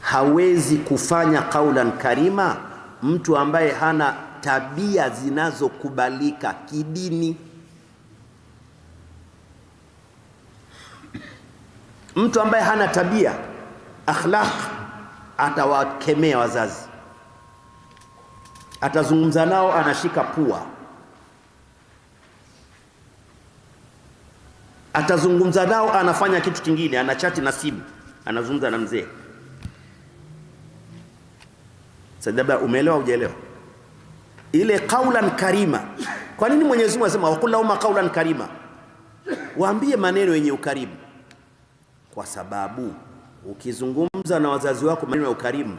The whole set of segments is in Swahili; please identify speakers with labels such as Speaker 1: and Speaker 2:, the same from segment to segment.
Speaker 1: hawezi kufanya kaulan karima, mtu ambaye hana tabia zinazokubalika kidini. Mtu ambaye hana tabia akhlaq, atawakemea wazazi, atazungumza nao anashika pua, atazungumza nao anafanya kitu kingine, anachati na simu, anazungumza na mzee Sasa labda umeelewa hujaelewa ile kaulan karima. Kwa nini Mwenyezi Mungu anasema wakul lahuma kaulan karima, waambie maneno yenye ukarimu? Kwa sababu ukizungumza na wazazi wako maneno ya ukarimu,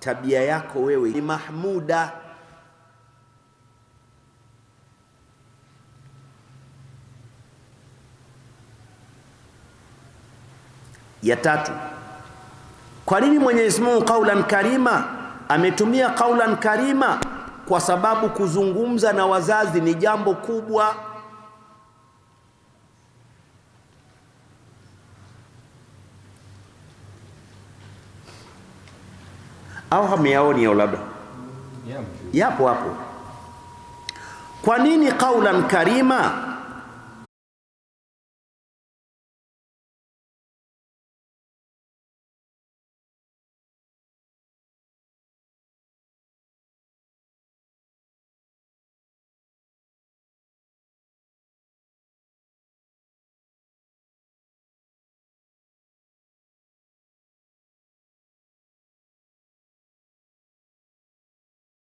Speaker 1: tabia yako wewe ni mahmuda. Ya tatu, kwa nini Mwenyezi Mungu kaulan karima Ametumia kaulan karima kwa sababu kuzungumza na wazazi ni jambo kubwa. Au hamyaoni au labda yapo hapo. Kwa nini kaulan karima?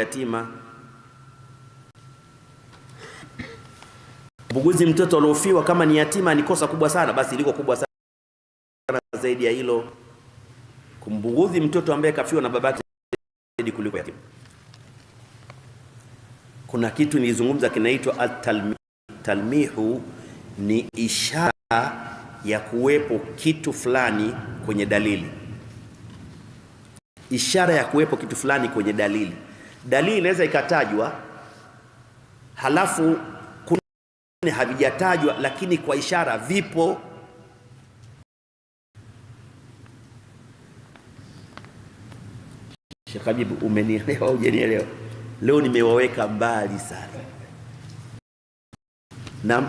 Speaker 1: Yatima, buguzi mtoto aliofiwa kama ni yatima ni kosa kubwa sana, basi iliko kubwa sana zaidi ya hilo, kumbuguzi mtoto ambaye kafiwa na babake zaidi kuliko yatima. Kuna kitu nilizungumza kinaitwa at Talmihu ni ishara ya kuwepo kitu fulani kwenye dalili, ishara ya kuwepo kitu fulani kwenye dalili dalili inaweza ikatajwa, halafu kuna havijatajwa, lakini kwa ishara vipo. Sheikh Habib, umenielewa au hujanielewa? Leo nimewaweka mbali sana. Naam,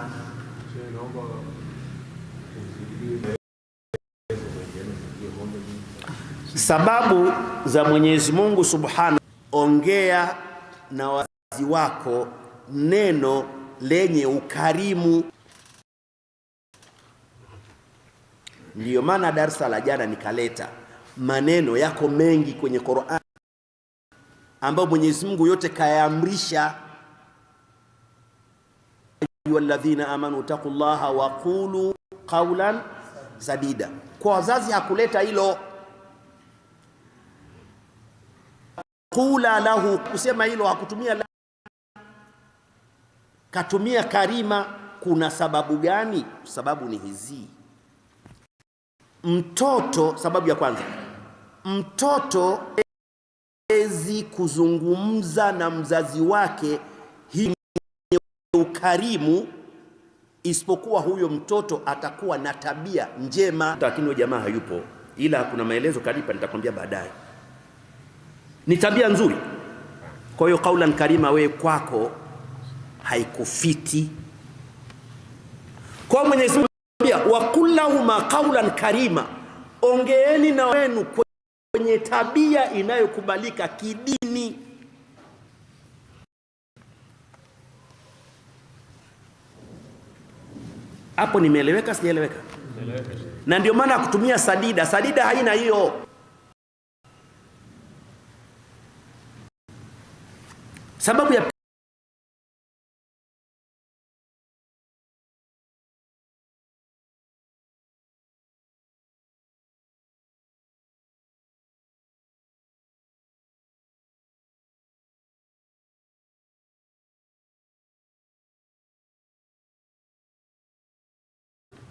Speaker 1: sababu za Mwenyezi Mungu Subhanahu ongea na wazazi wako neno lenye ukarimu. Ndiyo maana darsa la jana nikaleta maneno yako mengi kwenye Qur'an ambayo Mwenyezi Mungu yote kayaamrisha, ayyuhalladhina amanu taqullaha wa qulu qawlan sadida. Kwa wazazi hakuleta hilo. Kula lahu kusema hilo hakutumia la, katumia karima. Kuna sababu gani? Sababu ni hizi. Mtoto, sababu ya kwanza, mtoto hawezi kuzungumza na mzazi wake hii ukarimu, isipokuwa huyo mtoto atakuwa na tabia njema, lakini jamaa hayupo, ila kuna maelezo kalipa, nitakwambia baadaye ni tabia nzuri. Kwa hiyo kaulan karima, wewe kwako haikufiti kwa Mwenyezi Mungu anambia wakullahuma kaulan karima, ongeeni na wenu kwenye tabia inayokubalika kidini. Hapo nimeeleweka sijaeleweka? Na ndio maana kutumia sadida, sadida haina hiyo Sababu ya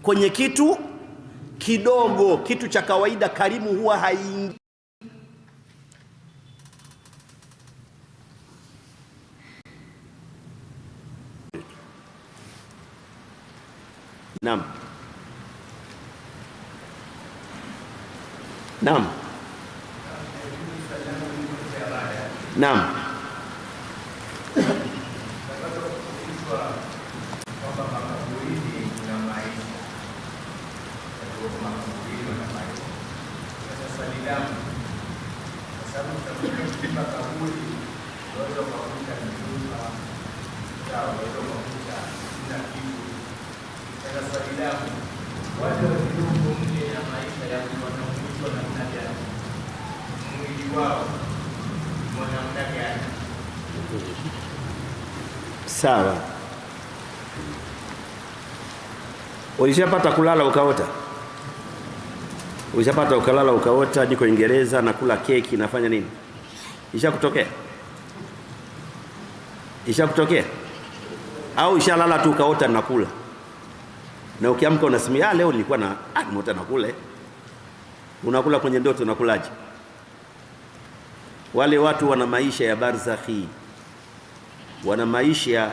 Speaker 1: kwenye kitu kidogo, kitu cha kawaida, karimu huwa haingi Naam. Naam. Naam. sawa. Ulishapata kulala ukaota? Ulishapata ukalala ukaota, niko Uingereza nakula keki nafanya nini? Ishakutokea? Ishakutokea? Au ishalala tu ukaota nakula, na ukiamka unasimia, ah, leo nilikuwa na ah, nimeota nakula. Unakula kwenye ndoto, unakulaje? Wale watu wana maisha ya barzakhi wana maisha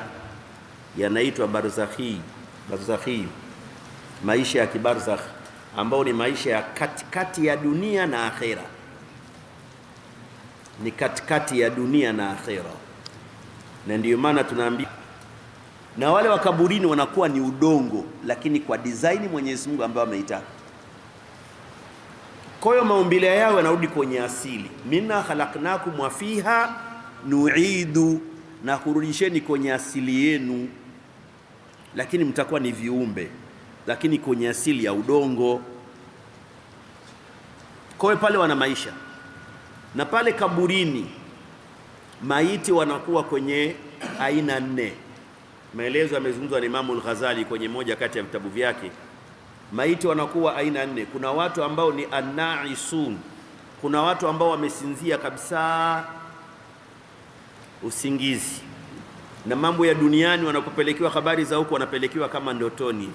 Speaker 1: yanaitwa barzakhi, barzakhi, maisha ya kibarzakh ambao ni maisha ya katikati ya dunia na akhera, ni katikati ya dunia na akhera. Na ndiyo maana tunaambia na wale wakaburini wanakuwa ni udongo, lakini kwa design Mwenyezi Mungu ambayo ameitaka. Kwa hiyo maumbile yao yanarudi kwenye asili, minna khalaqnakum wa fiha nu'idu na kurudisheni kwenye asili yenu, lakini mtakuwa ni viumbe, lakini kwenye asili ya udongo. Kwa hiyo pale wana maisha, na pale kaburini maiti wanakuwa kwenye aina nne. Maelezo yamezungumzwa na Imamu Al-Ghazali kwenye moja kati ya vitabu vyake. Maiti wanakuwa aina nne. Kuna watu ambao ni anaisun, kuna watu ambao wamesinzia kabisa usingizi na mambo ya duniani. Wanapopelekewa habari za huko wanapelekewa kama ndotoni.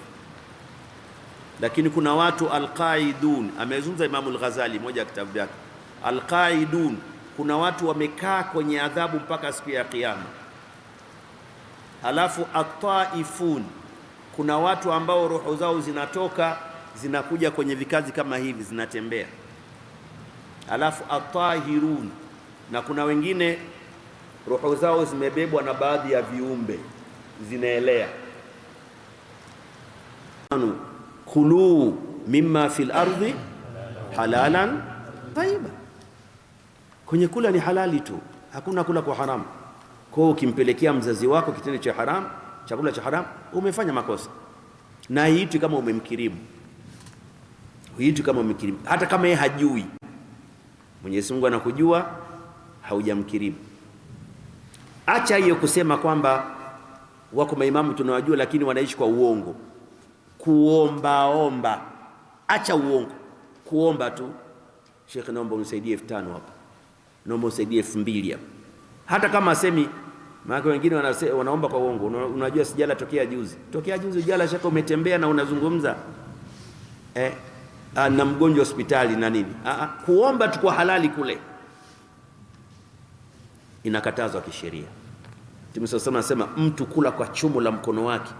Speaker 1: Lakini kuna watu alqaidun, amezungumza Imamu al-Ghazali moja ya kitabu chake alqaidun, kuna watu wamekaa kwenye adhabu mpaka siku ya Kiyama. Alafu ataifun, kuna watu ambao roho zao zinatoka zinakuja kwenye vikazi kama hivi zinatembea. Alafu atahirun, na kuna wengine roho zao zimebebwa na baadhi ya viumbe zinaelea. Kulu mimma fil ardhi halalan tayyiba, kwenye kula ni halali tu, hakuna kula kwa haramu. Kwa hiyo ukimpelekea mzazi wako kitendo cha haramu, chakula cha haramu, umefanya makosa, na hiitwi kama umemkirimu, hiitwi kama umemkirimu, hata kama yeye hajui. Mwenyezi Mungu anakujua, haujamkirimu. Acha hiyo kusema kwamba wako maimamu tunawajua, lakini wanaishi kwa uongo, kuombaomba. Acha uongo, kuomba tu. Sheikh, naomba unisaidie elfu tano hapa, naomba unisaidie elfu mbili hapa, hata kama asemi maana wengine wanase, wanaomba kwa uongo. Unajua sijala tokea juzi, tokea juzi jala shaka umetembea na unazungumza eh, ah, na mgonjwa hospitali na nini. Aa, ah, ah. kuomba tu kwa halali kule inakatazwa kisheria. Mtume SAW anasema mtu kula kwa chumu la mkono wake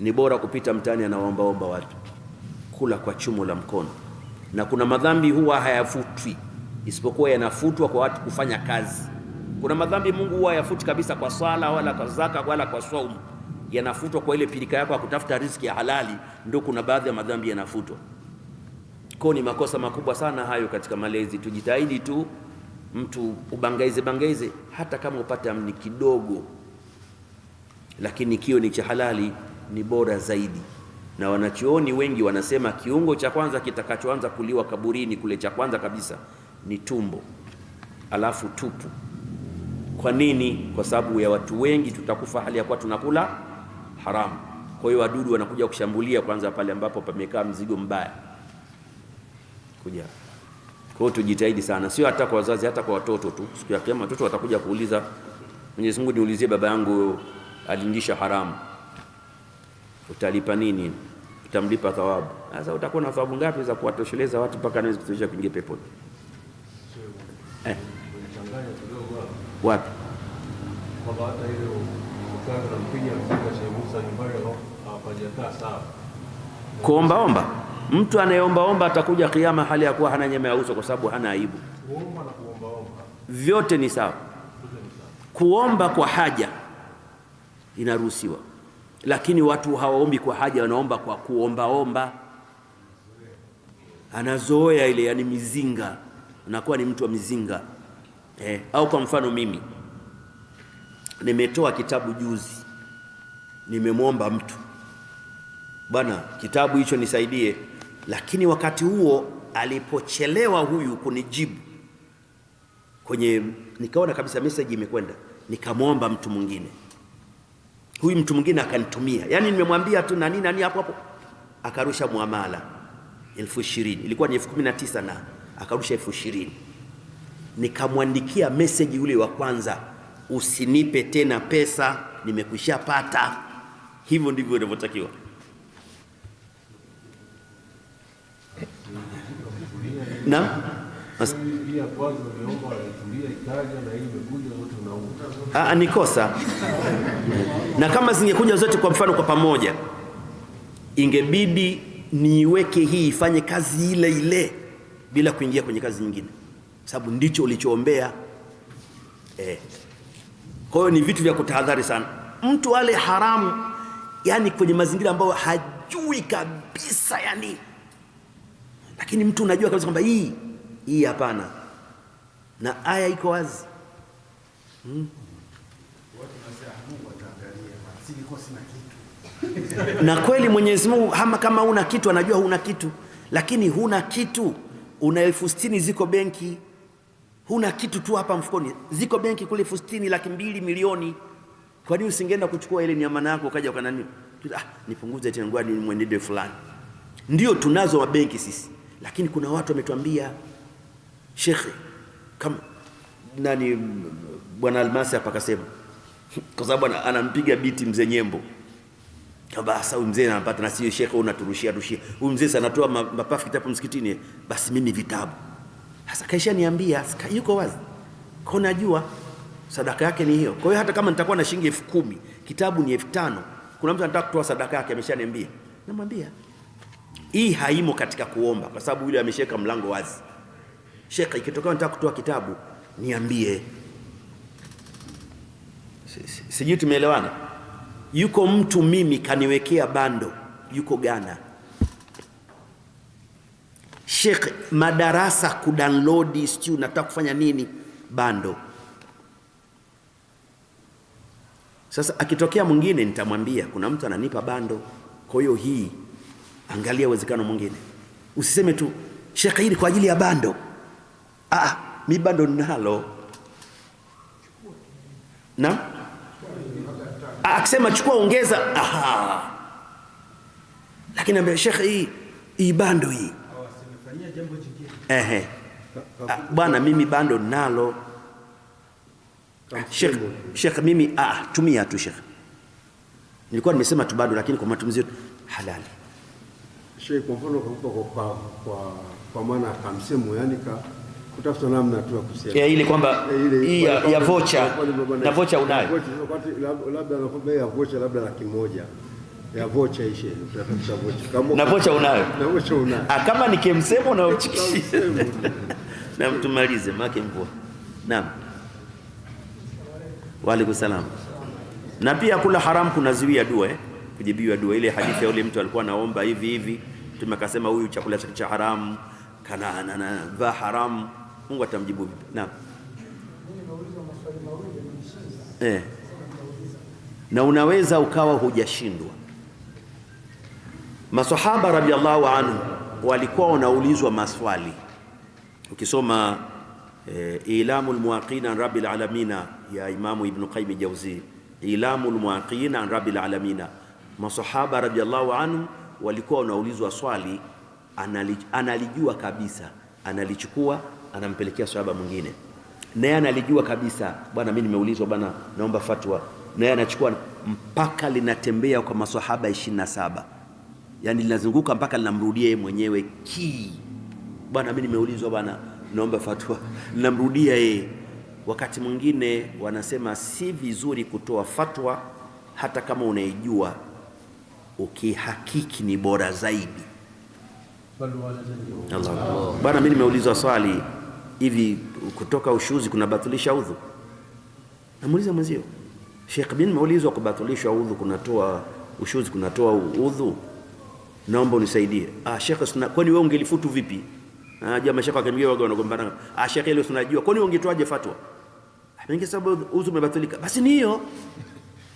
Speaker 1: ni bora kupita mtaani anawaombaomba watu. Kula kwa chumu la mkono, na kuna madhambi huwa hayafutwi isipokuwa yanafutwa kwa watu kufanya kazi. Kuna madhambi Mungu huwa hayafuti kabisa, kwa sala wala kwa zaka wala kwa saumu, yanafutwa kwa ile pilika yako ya kutafuta riziki ya halali, ndio kuna baadhi ya madhambi yanafutwa. Kwa ni makosa makubwa sana hayo katika malezi, tujitahidi tu mtu ubangaize bangaize, hata kama upate amni kidogo, lakini kio ni cha halali ni bora zaidi. Na wanachuoni wengi wanasema kiungo cha kwanza kitakachoanza kuliwa kaburini kule, cha kwanza kabisa ni tumbo, alafu tupu. Kwa nini? Kwa sababu ya watu wengi tutakufa hali ya kuwa tunakula haramu. Kwa hiyo wadudu wanakuja kushambulia kwanza pale ambapo pamekaa mzigo mbaya kuja kwa hiyo tujitahidi sana, sio hata kwa wazazi, hata kwa watoto tu. Siku ya Kiyama watoto watakuja kuuliza, Mwenyezi Mungu, niulizie baba yangu alinjisha haramu, utalipa nini? Utamlipa thawabu. Sasa utakuwa na thawabu ngapi za kuwatosheleza watu mpaka naweza kutosheleza kuingia peponi eh? Wapi kuombaomba Mtu anayeombaomba atakuja kiama hali ya kuwa hana nyama ya uso, kwa sababu hana aibu. Vyote ni sawa. Kuomba kwa haja inaruhusiwa, lakini watu hawaombi kwa haja, wanaomba kwa kuombaomba. Anazoea ile, yani mizinga, anakuwa ni mtu wa mizinga eh. Au kwa mfano mimi nimetoa kitabu juzi, nimemwomba mtu bwana, kitabu hicho nisaidie lakini wakati huo alipochelewa huyu kunijibu kwenye, nikaona kabisa message imekwenda, nikamwomba mtu mwingine. Huyu mtu mwingine akanitumia, yaani nimemwambia tu nani nani, hapo hapo akarusha muamala elfu ishirini ilikuwa ni elfu kumi na tisa na akarusha elfu ishirini Nikamwandikia message yule wa kwanza, usinipe tena pesa, nimekwishapata. Hivyo ndivyo inavyotakiwa. na ni kosa na kama zingekuja zote kwa mfano kwa pamoja, ingebidi niiweke hii ifanye kazi ile ile bila kuingia kwenye kazi nyingine, sababu ndicho ulichoombea eh. Kwa hiyo ni vitu vya kutahadhari sana, mtu ale haramu, yani kwenye mazingira ambayo hajui kabisa yani lakini mtu unajua kabisa kwamba hii hii hapana, na aya iko wazi hmm? na kweli Mwenyezi Mungu hama kama una kitu anajua huna kitu, lakini huna kitu, una elfu sitini ziko benki, huna kitu tu hapa mfukoni, ziko benki kule elfu sitini laki mbili milioni. Kwa nini usingeenda kuchukua ile nyama yako ukaja ukanani, ah, nipunguze tena, ngoja fulani. Ndio tunazo mabenki sisi lakini kuna watu wametuambia shekhe, kama nani bwana Almasi hapa akasema, kwa sababu anampiga biti mzee Nyembo basi huyu mzee anapata na sio shekhe, unaturushia rushia. Huyu mzee sana toa mapafu kitapo msikitini, basi mimi vitabu. Sasa kaisha niambia, yuko wazi kwa najua sadaka yake ni hiyo. Kwa hiyo hata kama nitakuwa na shilingi elfu kumi kitabu ni elfu tano kuna mtu anataka kutoa sadaka yake, ameshaniambia, namwambia hii haimo katika kuomba, kwa sababu yule ameshaweka mlango wazi. Sheikh, ikitokea nataka kutoa kitabu niambie. Sijui tumeelewana. Yuko mtu mimi kaniwekea bando, yuko Ghana. Sheikh, madarasa download sijui nataka kufanya nini, bando. Sasa akitokea mwingine nitamwambia kuna mtu ananipa bando, kwa hiyo hii Angalia uwezekano mwingine, usiseme tu shekhe, hili kwa ajili ya bando. Ah, ah mi bando ninalo na ah, akisema chukua ongeza. Aha, lakini ambia shekhe, hii hii bando hii, ehe ah, bwana, mimi bando nalo Sheikh, Sheikh mimi ah, tumia tu Sheikh. nilikuwa nimesema tu bado, lakini kwa matumizi yetu halali
Speaker 2: shehe kwa mfano kakupa kwa, kwa, kwa maana kamsemo yani ka kutafuta namna tu ya kusema
Speaker 1: ya ile kwamba ya vocha na vocha unayo,
Speaker 2: labda anakupa ya vocha labda laki moja ya vocha ishe utatafuta
Speaker 1: vocha kama na vocha unayo
Speaker 2: na vocha unayo
Speaker 1: ah, kama ni kimsemo na uchikishe na mtumalize make mvua. Naam, wa salaam. Na pia kula haramu kunazuia dua eh, kujibiwa dua, ile hadithi ya yule mtu alikuwa anaomba hivi hivi Mtume akasema huyu chakula chake cha haramu kana anavaa haramu, Mungu atamjibu vipi? Naam, eh. eh, na unaweza ukawa hujashindwa. Maswahaba radhiallahu anhu walikuwa wanaulizwa maswali. Ukisoma eh, Ilamu lmuwaqina an rabbil alamina ya Imamu Ibn Qayyim Jauzi, Ilamu lmuwaqina an rabbil alamina, maswahaba radhiallahu anhu walikuwa wanaulizwa swali, analijua kabisa, analichukua anampelekea swahaba mwingine, naye analijua kabisa, bwana, mimi nimeulizwa bwana, naomba fatwa, naye anachukua mpaka linatembea kwa maswahaba 27 yani linazunguka mpaka linamrudia yeye mwenyewe ki bwana, mimi nimeulizwa bwana, naomba fatwa, linamrudia yeye. Wakati mwingine wanasema si vizuri kutoa fatwa hata kama unaijua ukihakiki ni bora zaidi. Bwana, mimi nimeulizwa swali hivi, kutoka ushuzi kuna kunabatilisha udhu? Namuuliza mwenzio Sheikh bin, nimeulizwa kubatilishwa udhu kunatoa ushuzi kunatoa udhu, naomba unisaidie. Ah Sheikh, kwani wewe ungelifutu vipi? Ah jamaa Sheikh akamwambia wao wanagombana. Ah Sheikh, ile tunajua kwani ungetoaje fatwa? Ningesema udhu umebatilika, basi ni hiyo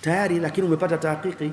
Speaker 1: tayari, lakini umepata tahqiqi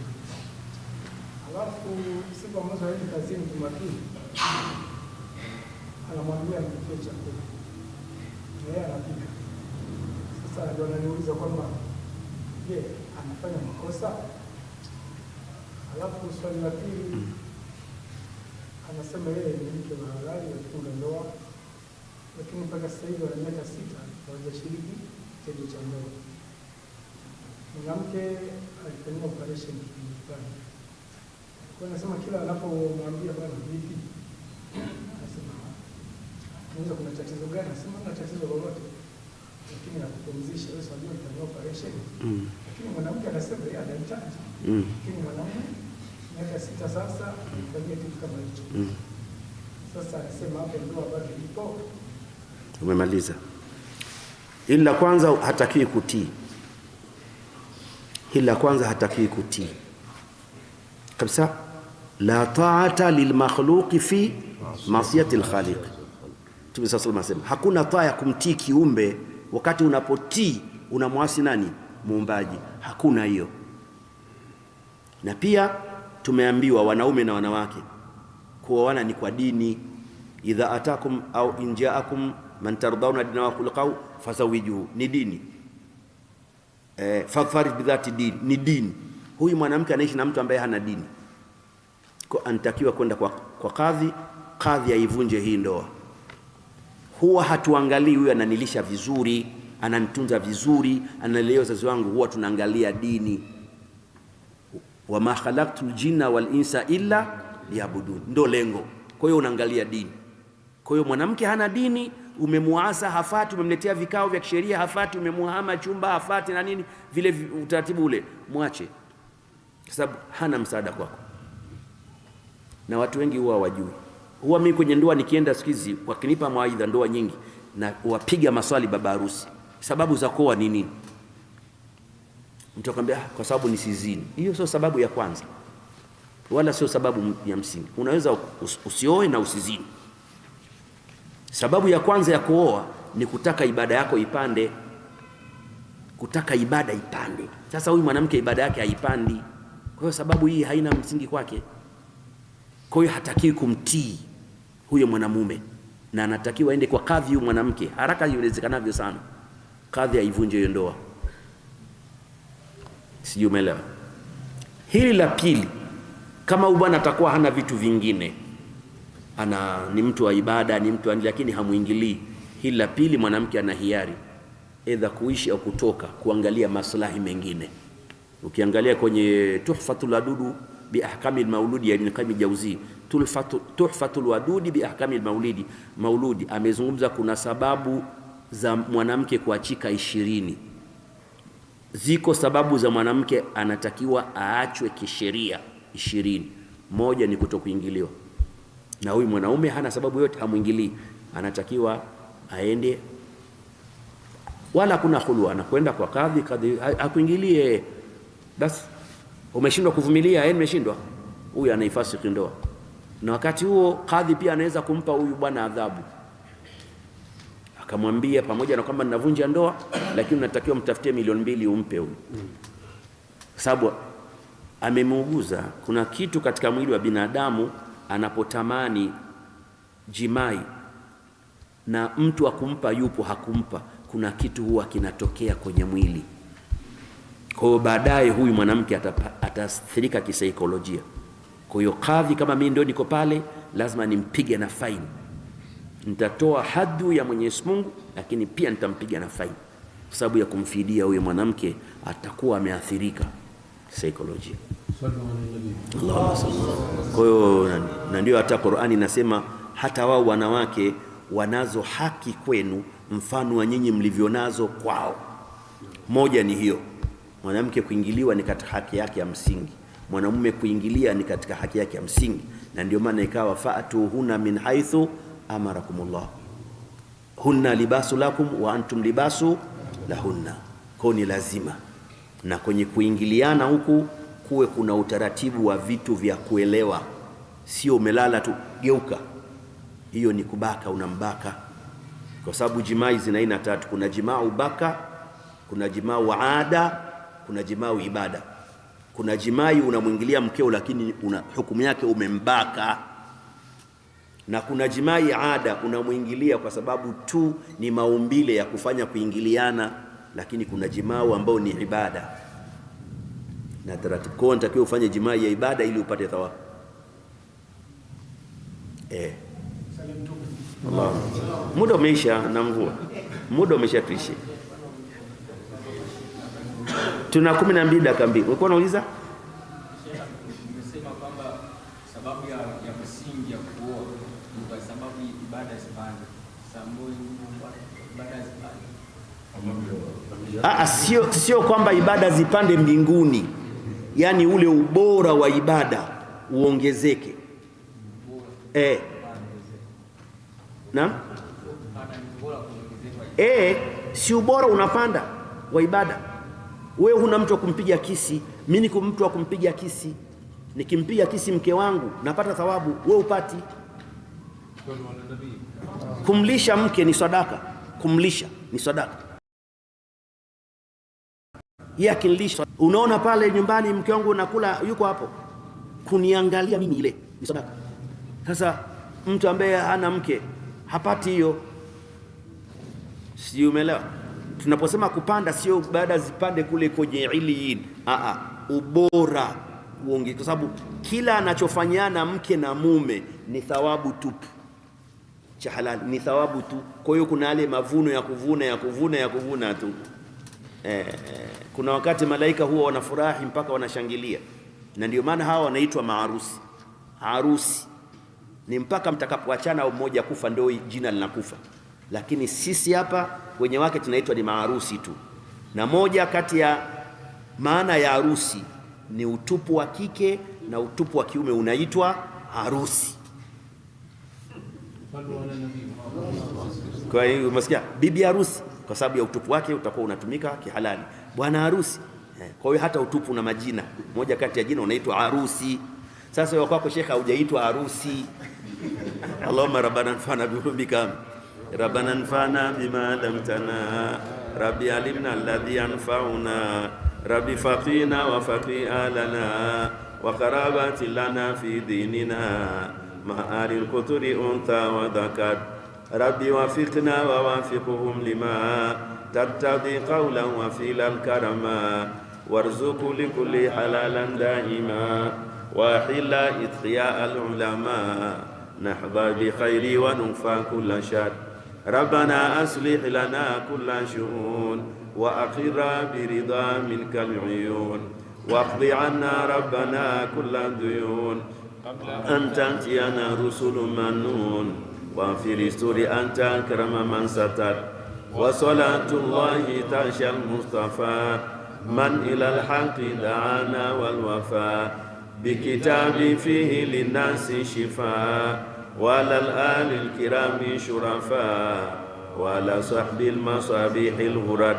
Speaker 2: Alafu siku ambazo aende kazini Jumapili anamwambia mtie chakula na yeye anapika. Sasa ndio ananiuliza kwamba je, anafanya makosa? Alafu swali la pili anasema yeye ni mke wa halali, alifunga ndoa, lakini mpaka sasa hivi ana miaka sita hawajashiriki tendo cha ndoa. Mwanamke alifanyiwa operesheni kipindi fulani kwa nasema kila anapomwambia bwana vipi, anasema unaweza kuna tatizo gani? Anasema na tatizo lolote, lakini nakupumzisha wewe, sababu unajua nitafanya operation. Mm. Lakini mwanamke anasema yeye eh, anahitaji, mm. lakini mwanamume miaka sita sasa anafanyia kitu kama hicho. Mm. Sasa anasema hapo ndio bado ipo.
Speaker 1: Umemaliza hili la kwanza, hatakii kutii. Hili la kwanza hatakii kutii kabisa la taata lilmakhluqi fi masiyati alkhaliq. Mtume SAW anasema hakuna taa ya kumtii kiumbe wakati unapotii unamwasi nani? Muumbaji. Hakuna hiyo. Na pia tumeambiwa wanaume na wanawake kuoana ni kwa dini, idha atakum au injaakum man tardhauna dina wa fazawijuhu, ni dini eh, fadhfarij bidhati dini, ni dini. Huyu mwanamke anaishi na mtu ambaye hana dini anatakiwa kwenda kwa, kwa kadhi, kadhi aivunje hii ndoa. Huwa hatuangalii huyu ananilisha vizuri, ananitunza vizuri, analea wazazi wangu, huwa tunaangalia dini. wama khalaqtul jinna wal insa illa liyabudun, ndo lengo. Kwa hiyo unaangalia dini. Kwa hiyo mwanamke hana dini, umemuasa hafati, umemletea vikao vya kisheria hafati, umemuhama chumba hafati na nini, vile utaratibu ule mwache, kwa sababu hana msaada kwako na watu wengi huwa wajui. Huwa mimi kwenye ndoa nikienda siku hizi wakinipa mawaidha ndoa nyingi na wapiga maswali baba harusi, sababu za kuoa ni nini? Mtu akwambia ah, kwa sababu nisizini. Hiyo sio sababu ya kwanza, wala sio sababu ya msingi. Unaweza usioe na usizini. Sababu ya kwanza ya kuoa ni kutaka ibada yako ipande, kutaka ibada ipande. Sasa huyu mwanamke ibada yake haipandi, kwa hiyo sababu hii haina msingi kwake. Kwa hiyo hatakiwi kumtii huyo mwanamume na anatakiwa aende kwa kadhi huyu mwanamke haraka iwezekanavyo sana, kadhi aivunje hiyo ndoa. Sijui umeelewa hili la pili. Kama huyu bwana atakuwa hana vitu vingine, ana ni mtu wa ibada, ni mtu lakini hamwingilii, hili la pili, mwanamke ana hiari edha kuishi au kutoka, kuangalia maslahi mengine. Ukiangalia kwenye Tuhfatul Adudu biahkami lmauludi ya Ibn Jauzi, tuhfatul wadudi biahkami lmaulidi mauludi, amezungumza kuna sababu za mwanamke kuachika ishirini. Ziko sababu za mwanamke anatakiwa aachwe kisheria ishirini. Moja ni kutokuingiliwa, na huyu mwanaume hana sababu yote, hamwingilii, anatakiwa aende wala kuna hulua anakwenda kwa kadhi, kadhi hakuingilie basi umeshindwa kuvumilia, yeye nimeshindwa, huyu anaifasiki ndoa, na wakati huo kadhi pia anaweza kumpa huyu bwana adhabu, akamwambia pamoja na kwamba ninavunja ndoa, lakini unatakiwa mtafutie milioni mbili umpe huyu, sababu amemuuguza. Kuna kitu katika mwili wa binadamu anapotamani jimai na mtu akumpa yupo hakumpa, kuna kitu huwa kinatokea kwenye mwili kwa hiyo baadaye huyu mwanamke ataathirika kisaikolojia. Kwa hiyo kadhi, kama mimi ndio niko pale, lazima nimpige na faini. Nitatoa hadu ya Mwenyezi Mungu, lakini pia nitampiga na faini kwa sababu ya kumfidia huyu mwanamke, atakuwa ameathirika kisaikolojia. Kwa hiyo na ndio hata Qur'ani inasema hata wao wanawake wanazo haki kwenu mfano wa nyinyi mlivyonazo kwao. Moja ni hiyo. Mwanamke kuingiliwa ni katika haki yake ya msingi, mwanamume kuingilia ni katika haki yake ya msingi, na ndio maana ikawa fatu huna min haithu amarakumullah hunna libasu lakum wa antum libasu lahunna, kwa ni lazima. Na kwenye kuingiliana huku kuwe kuna utaratibu wa vitu vya kuelewa, sio umelala tu geuka. Hiyo ni kubaka, unambaka kwa sababu jimai zina aina tatu: kuna jimaa ubaka, kuna jimaa waada kuna jimau ibada. Kuna jimai unamwingilia mkeo, lakini una hukumu yake umembaka, na kuna jimai ada unamwingilia kwa sababu tu ni maumbile ya kufanya kuingiliana, lakini kuna jimau ambao ni ibada na taratibu. Kwa unatakiwa ufanye jimai ya ibada ili upate thawabu eh. Allah, muda umeisha na mvua, muda umeisha tuishi Tuna 12 dakika mbili. Ulikuwa unauliza? Aa, ah, ah, sio sio kwamba ibada zipande mbinguni, yaani ule ubora wa ibada uongezeke. Eh. Na? Eh, si ubora unapanda wa ibada wewe huna mtu wa kumpiga kisi, mimi niko mtu wa kumpiga kisi. Nikimpiga kisi mke wangu napata thawabu, wewe upati. Kumlisha mke ni sadaka, kumlisha ni sadaka. Yeye akinilisha, unaona pale nyumbani mke wangu nakula, yuko hapo kuniangalia mimi, ile ni sadaka. Sasa mtu ambaye hana mke hapati hiyo, sijui umeelewa? Tunaposema kupanda sio ibada zipande kule kwenye iliin, a ah, ah, ubora uongee, kwa sababu kila anachofanyana mke na mume ni thawabu tupu cha halali, ni thawabu tu. Kwa hiyo kuna yale mavuno ya kuvuna ya kuvuna ya kuvuna tu. Eh, eh, eh, kuna wakati malaika huwa wanafurahi mpaka wanashangilia, na ndio maana hawa wanaitwa maarusi. Harusi ni mpaka mtakapoachana au mmoja kufa, ndio jina linakufa, lakini sisi hapa wenye wake tunaitwa ni maarusi tu, na moja kati ya maana ya harusi ni utupu wa kike na utupu wa kiume unaitwa harusi. Kwa hiyo umesikia bibi harusi, kwa sababu ya utupu wake utakuwa unatumika kihalali, bwana harusi. Eh, kwa hiyo hata utupu na majina, moja kati ya jina unaitwa harusi. Sasa wewe kwako shekha, haujaitwa harusi. Allahumma rabbana fana hubbika ربنا انفعنا بما علمتنا ربي علمنا الذي ينفعنا ربي فقينا وفقي آلنا وقرابات لنا في ديننا مع آل القطر أنثى وذكر ربي وفقنا ووافقهم لما ترتضي قولا وفيلا الكرما وارزق لكل حلالا دائما وحل إتقياء العلماء نحظى بخير ونفى كل شر ربنا أصلح لنا كل شؤون وأقر برضا منك العيون واقض عنا ربنا كل ديون أن تأتينا رسل منون وفي الرسول أن تكرم من ستر وصلاة الله تعشى المصطفى من إلى الحق دعانا والوفاء بكتاب فيه للناس شفاء وعلى الآل الكرام شرفاء وعلى صحب المصابيح الغرد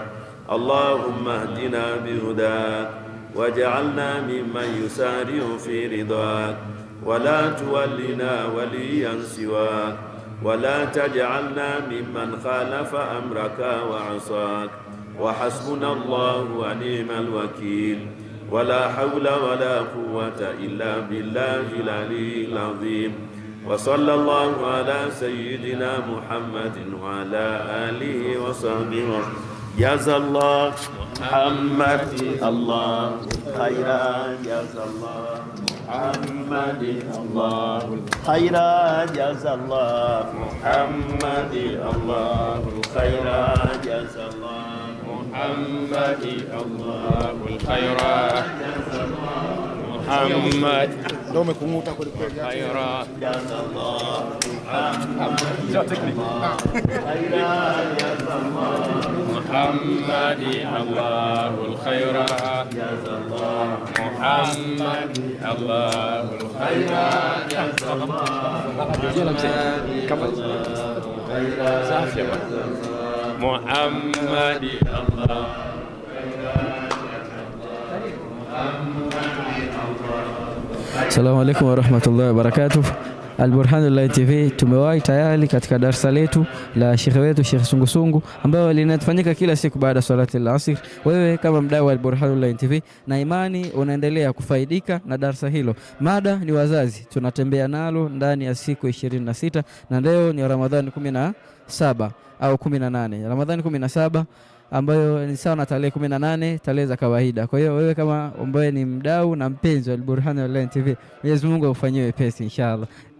Speaker 1: اللهم اهدنا بهداك واجعلنا ممن يسارع في رضاك ولا تولنا وليا سواك ولا تجعلنا ممن خالف أمرك وعصاك وحسبنا الله ونعم الوكيل ولا حول ولا قوة إلا بالله العلي العظيم وصلى الله على سيدنا محمد وعلى آله وصحبه جزا الله محمد الله خيرا جزا الله محمد الله خيرا جزا الله محمد الله خيرا جزا الله محمد الله خيرا Muhammad ndio umekunguta kweli kweli. Hayra Muhammad Allahul khayra Muhammad Allahul khayra Muhammad Allah rahmatullahi wa warahmatullahi Alburhan al TV tumewahi tayari katika darsa letu la shekhe wetu Sheikh Sungusungu ambayo linafanyika kila siku baada ya salati al-asr. Wewe kama mdau wa Alburhanullahi TV na imani unaendelea kufaidika na darsa hilo. Mada ni wazazi, tunatembea nalo ndani ya siku 26 na leo ni Ramadhani 17 au 18, Ramadhani 17 ambayo ni sawa na tarehe kumi na nane tarehe za kawaida. Kwa hiyo wewe kama ambaye ni mdau na mpenzi wa Al Burhan Online TV, Mwenyezi Mungu akufanyie wepesi inshallah.